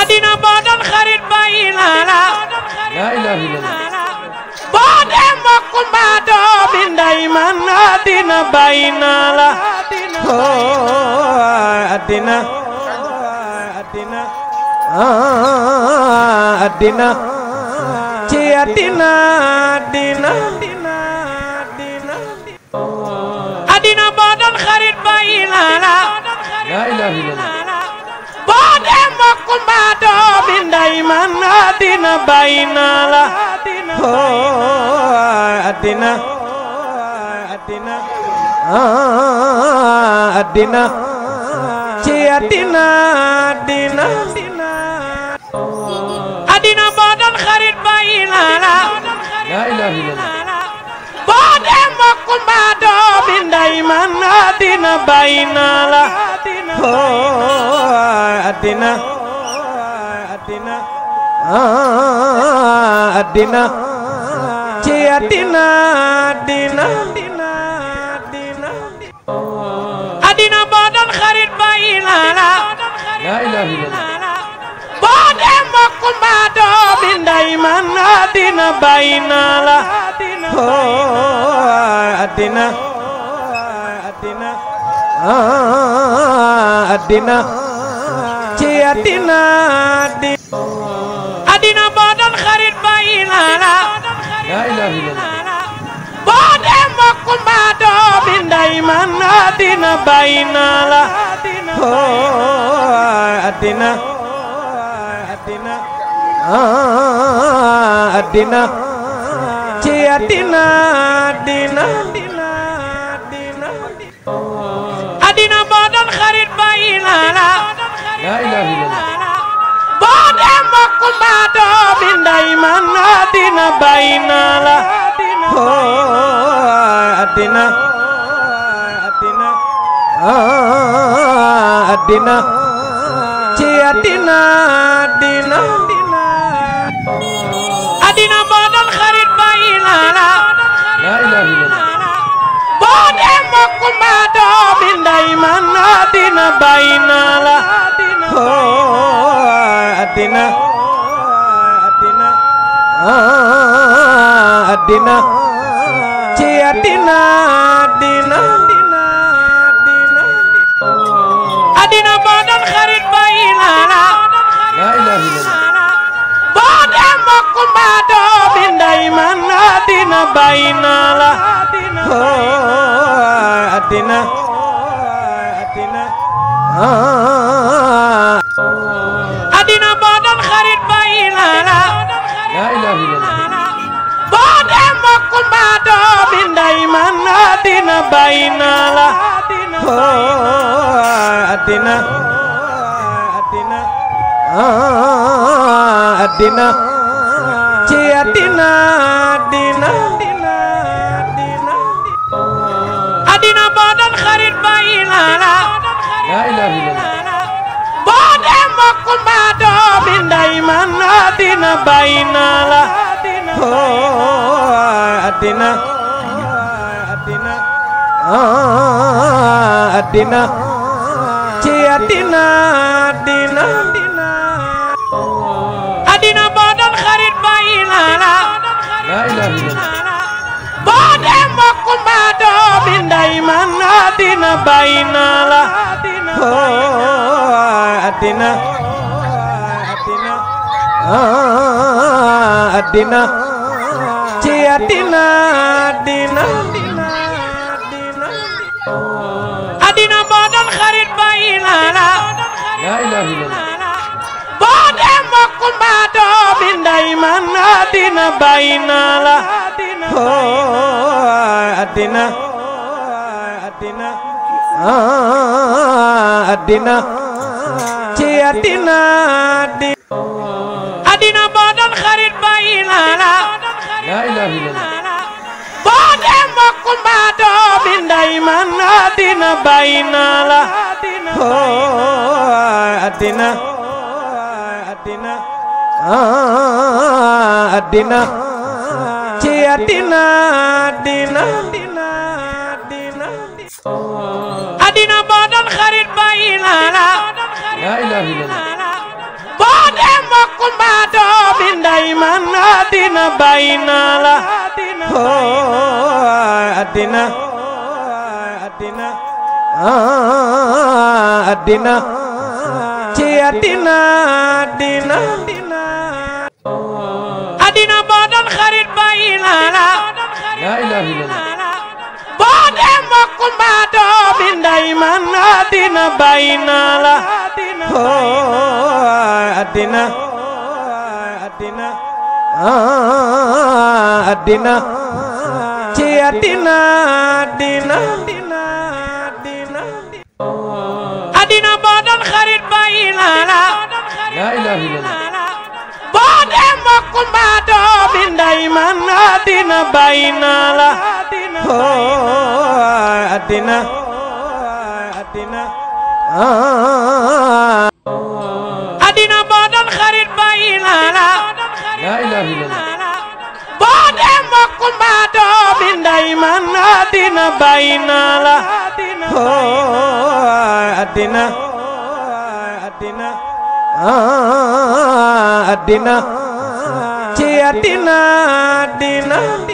adina boo doon xarit bàyyi naa la boo dee mbokk mbaa doomi oh, ah, xarit bàyyi man àddina bàyyi naa la oh àddina àddina àddina ci àddina àddina àddina boo doon xarit bàyyi naa la boo dee mbokk mbaa doomi ndey man àddina bàyyi naa la oh àddina Ah, àddina ci àddina àddina àddina boo doon xarit bàyyi naa la boo dee mbokk mbaa doomi ndey man àddina bàyyi naa la àddina oh, àddina ah, àddina addina boo doon xarit bàyyi naa la addina bàyyi addina ci addina addina boo dee mbokk mbaa doomi ndey man àddina bay na la àddina oh, àddina oh, ci àddina àddina àddina boo doon xarit bay na la boo dee mbokk mbaa doomi ndey man àddina bay na la addina addina addina ci addina addina addina boo doon xarit bàyyi naa la boo dee mbokk mbaa doomi ndey man addina bàyyi naa la addina addina dayman àddina bàyyi naa la àddina àddina àddina ci àddina àddina ci àddina àddina àddina boo doon xarit bàyyi naa la boo dee mbokk mbaa doomi ndey man àddina bàyyi naa la àddina oh, àddina ci ah, àddina àddina boo dee mbokk mbaa doomi ndey man àddina bàyyi naa la àddina àddina àddina ci àddina àddina addina addina ah, addina ci addina addina addina boo doon xarit bàyyi naa la boo dee mbokk mbaa doomi ndey man addina bàyyi naa la oh, addina addina ah, addina ci àddina àddina àddina boo doon xarit bàyyi naa la boo dee mbokk mbaa doomi ndey man àddina bàyyi naa la àddina àddina àddina ci àddina àddina man àddina bàyyi naa xarit bàyyi naa la boo dee mbokk mbaa doomi ndey man àddina bàyyi naa la àddina àddina àddina tina dina